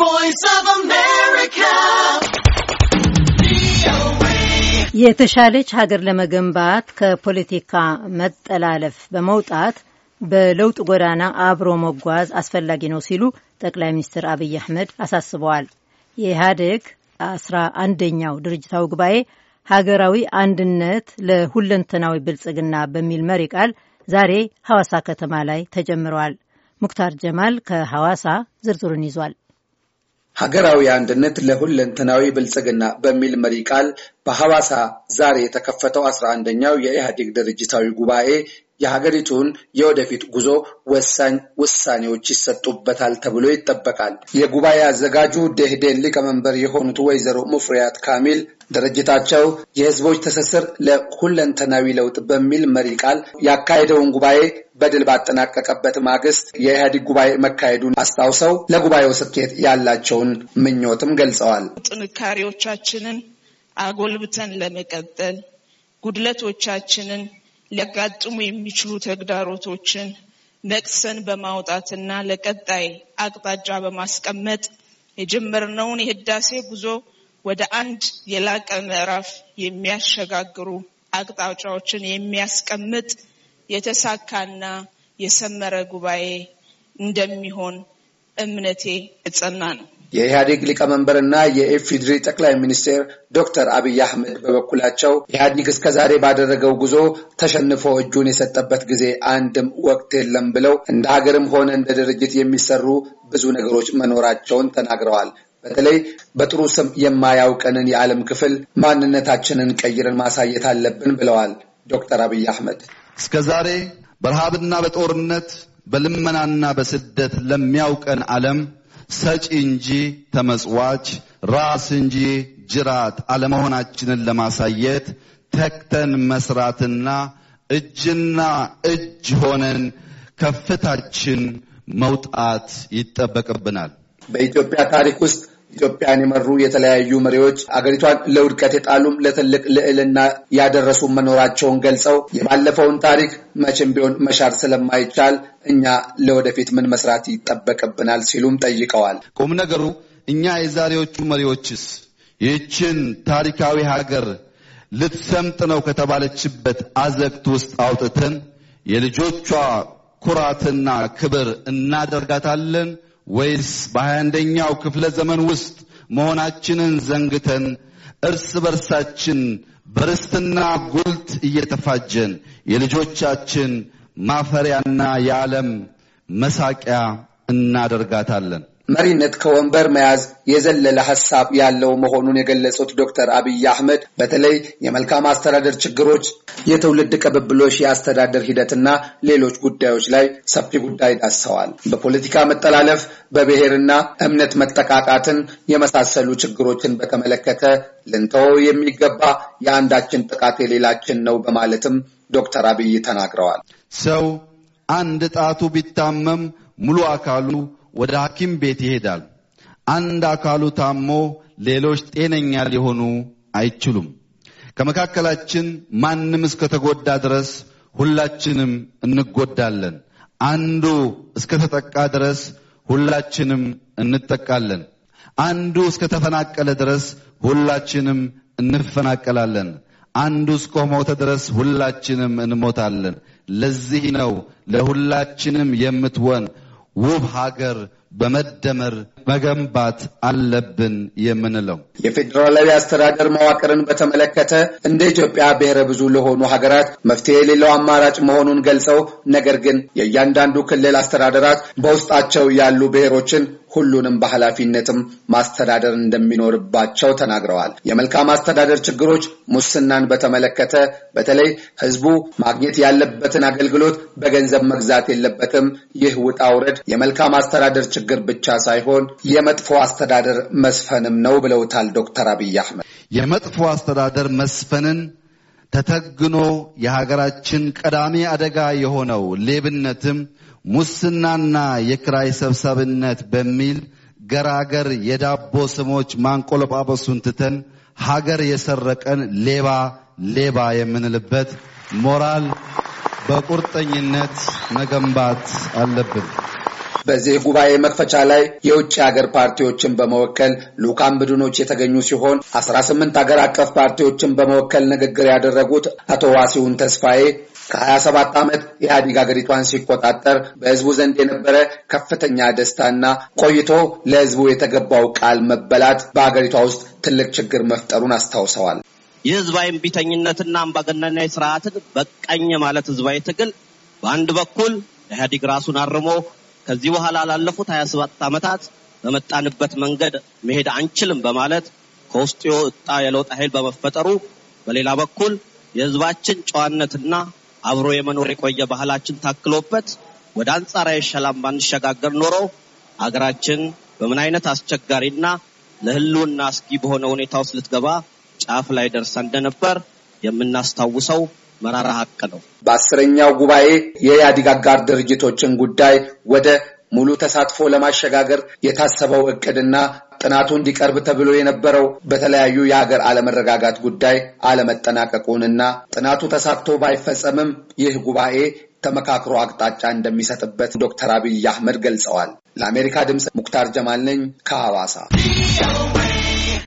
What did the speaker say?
voice of America. የተሻለች ሀገር ለመገንባት ከፖለቲካ መጠላለፍ በመውጣት በለውጥ ጎዳና አብሮ መጓዝ አስፈላጊ ነው ሲሉ ጠቅላይ ሚኒስትር አብይ አህመድ አሳስበዋል። የኢህአዴግ አስራ አንደኛው ድርጅታዊ ጉባኤ ሀገራዊ አንድነት ለሁለንተናዊ ብልጽግና በሚል መሪ ቃል ዛሬ ሐዋሳ ከተማ ላይ ተጀምረዋል። ሙክታር ጀማል ከሐዋሳ ዝርዝሩን ይዟል። ሀገራዊ አንድነት ለሁለንተናዊ ብልጽግና በሚል መሪ ቃል በሐዋሳ ዛሬ የተከፈተው አስራ አንደኛው የኢህአዴግ ድርጅታዊ ጉባኤ የሀገሪቱን የወደፊት ጉዞ ወሳኝ ውሳኔዎች ይሰጡበታል ተብሎ ይጠበቃል። የጉባኤ አዘጋጁ ደህዴን ሊቀመንበር የሆኑት ወይዘሮ ሙፍሪያት ካሚል ድርጅታቸው የህዝቦች ትስስር ለሁለንተናዊ ለውጥ በሚል መሪ ቃል ያካሄደውን ጉባኤ በድል ባጠናቀቀበት ማግስት የኢህአዴግ ጉባኤ መካሄዱን አስታውሰው ለጉባኤው ስኬት ያላቸውን ምኞትም ገልጸዋል። ጥንካሬዎቻችንን አጎልብተን ለመቀጠል ጉድለቶቻችንን ሊያጋጥሙ የሚችሉ ተግዳሮቶችን ነቅሰን በማውጣትና ለቀጣይ አቅጣጫ በማስቀመጥ የጀመርነውን የህዳሴ ጉዞ ወደ አንድ የላቀ ምዕራፍ የሚያሸጋግሩ አቅጣጫዎችን የሚያስቀምጥ የተሳካና የሰመረ ጉባኤ እንደሚሆን እምነቴ እጸና ነው። የኢህአዴግ ሊቀመንበርና የኢፌዴሪ ጠቅላይ ሚኒስቴር ዶክተር አብይ አህመድ በበኩላቸው ኢህአዴግ እስከዛሬ ባደረገው ጉዞ ተሸንፎ እጁን የሰጠበት ጊዜ አንድም ወቅት የለም ብለው እንደ ሀገርም ሆነ እንደ ድርጅት የሚሰሩ ብዙ ነገሮች መኖራቸውን ተናግረዋል። በተለይ በጥሩ ስም የማያውቀንን የዓለም ክፍል ማንነታችንን ቀይረን ማሳየት አለብን ብለዋል ዶክተር አብይ አህመድ። እስከዛሬ በረሃብና በጦርነት በልመናና በስደት ለሚያውቀን ዓለም ሰጪ እንጂ ተመጽዋች፣ ራስ እንጂ ጅራት አለመሆናችንን ለማሳየት ተክተን መስራትና እጅና እጅ ሆነን ከፍታችን መውጣት ይጠበቅብናል። በኢትዮጵያ ታሪክ ውስጥ ኢትዮጵያን የመሩ የተለያዩ መሪዎች አገሪቷን ለውድቀት የጣሉም ለትልቅ ልዕልና ያደረሱ መኖራቸውን ገልጸው የባለፈውን ታሪክ መቼም ቢሆን መሻር ስለማይቻል እኛ ለወደፊት ምን መስራት ይጠበቅብናል ሲሉም ጠይቀዋል። ቁም ነገሩ እኛ የዛሬዎቹ መሪዎችስ ይህችን ታሪካዊ ሀገር ልትሰምጥ ነው ከተባለችበት አዘግት ውስጥ አውጥተን የልጆቿ ኩራትና ክብር እናደርጋታለን ወይስ በሀያ አንደኛው ክፍለ ዘመን ውስጥ መሆናችንን ዘንግተን እርስ በርሳችን በርስትና ጉልት እየተፋጀን የልጆቻችን ማፈሪያና የዓለም መሳቂያ እናደርጋታለን። መሪነት ከወንበር መያዝ የዘለለ ሀሳብ ያለው መሆኑን የገለጹት ዶክተር አብይ አህመድ በተለይ የመልካም አስተዳደር ችግሮች፣ የትውልድ ቅብብሎሽ፣ የአስተዳደር ሂደትና ሌሎች ጉዳዮች ላይ ሰፊ ጉዳይ ዳሰዋል። በፖለቲካ መጠላለፍ፣ በብሔርና እምነት መጠቃቃትን የመሳሰሉ ችግሮችን በተመለከተ ልንተወው የሚገባ የአንዳችን ጥቃት የሌላችን ነው በማለትም ዶክተር አብይ ተናግረዋል። ሰው አንድ ጣቱ ቢታመም ሙሉ አካሉ ወደ ሐኪም ቤት ይሄዳል። አንድ አካሉ ታሞ ሌሎች ጤነኛ ሊሆኑ አይችሉም። ከመካከላችን ማንም እስከተጎዳ ድረስ ሁላችንም እንጎዳለን። አንዱ እስከተጠቃ ድረስ ሁላችንም እንጠቃለን። አንዱ እስከተፈናቀለ ድረስ ሁላችንም እንፈናቀላለን። አንዱ እስከሞተ ድረስ ሁላችንም እንሞታለን። ለዚህ ነው ለሁላችንም የምትወን ውብ ሀገር በመደመር መገንባት አለብን የምንለው የፌዴራላዊ አስተዳደር መዋቅርን በተመለከተ እንደ ኢትዮጵያ ብሔረ ብዙ ለሆኑ ሀገራት መፍትሄ የሌለው አማራጭ መሆኑን ገልጸው ነገር ግን የእያንዳንዱ ክልል አስተዳደራት በውስጣቸው ያሉ ብሔሮችን ሁሉንም በኃላፊነትም ማስተዳደር እንደሚኖርባቸው ተናግረዋል። የመልካም አስተዳደር ችግሮች ሙስናን በተመለከተ በተለይ ህዝቡ ማግኘት ያለበትን አገልግሎት በገንዘብ መግዛት የለበትም። ይህ ውጣ ውረድ የመልካም አስተዳደር ችግር ብቻ ሳይሆን የመጥፎ አስተዳደር መስፈንም ነው ብለውታል ዶክተር አብይ አህመድ። የመጥፎ አስተዳደር መስፈንን ተተግኖ የሀገራችን ቀዳሚ አደጋ የሆነው ሌብነትም ሙስናና የክራይ ሰብሳቢነት በሚል ገራገር የዳቦ ስሞች ማንቆለጳጳሱን ትተን ሀገር የሰረቀን ሌባ ሌባ የምንልበት ሞራል በቁርጠኝነት መገንባት አለብን። በዚህ ጉባኤ መክፈቻ ላይ የውጭ ሀገር ፓርቲዎችን በመወከል ልኡካን ቡድኖች የተገኙ ሲሆን አስራ ስምንት ሀገር አቀፍ ፓርቲዎችን በመወከል ንግግር ያደረጉት አቶ ዋሲሁን ተስፋዬ ከ27 ዓመት ኢህአዲግ ሀገሪቷን ሲቆጣጠር በህዝቡ ዘንድ የነበረ ከፍተኛ ደስታና ቆይቶ ለህዝቡ የተገባው ቃል መበላት በሀገሪቷ ውስጥ ትልቅ ችግር መፍጠሩን አስታውሰዋል። የህዝባዊ እምቢተኝነትና አምባገነናዊ ስርዓትን በቀኝ ማለት ህዝባዊ ትግል በአንድ በኩል ኢህአዲግ ራሱን አርሞ ከዚህ በኋላ ላለፉት 27 ዓመታት በመጣንበት መንገድ መሄድ አንችልም በማለት ከውስጥ የወጣ የለውጥ ኃይል በመፈጠሩ፣ በሌላ በኩል የህዝባችን ጨዋነትና አብሮ የመኖር የቆየ ባህላችን ታክሎበት ወደ አንጻራዊ ሰላም ባንሸጋገር ኖሮ አገራችን በምን አይነት አስቸጋሪና ለህልውና አስጊ በሆነ ሁኔታ ውስጥ ልትገባ ጫፍ ላይ ደርሳ እንደነበር የምናስታውሰው መራራ ሀቅ ነው። በአስረኛው ጉባኤ የኢህአዲግ አጋር ድርጅቶችን ጉዳይ ወደ ሙሉ ተሳትፎ ለማሸጋገር የታሰበው እቅድና ጥናቱ እንዲቀርብ ተብሎ የነበረው በተለያዩ የሀገር አለመረጋጋት ጉዳይ አለመጠናቀቁንና ጥናቱ ተሳክቶ ባይፈጸምም ይህ ጉባኤ ተመካክሮ አቅጣጫ እንደሚሰጥበት ዶክተር አብይ አህመድ ገልጸዋል። ለአሜሪካ ድምፅ ሙክታር ጀማል ነኝ ከሐዋሳ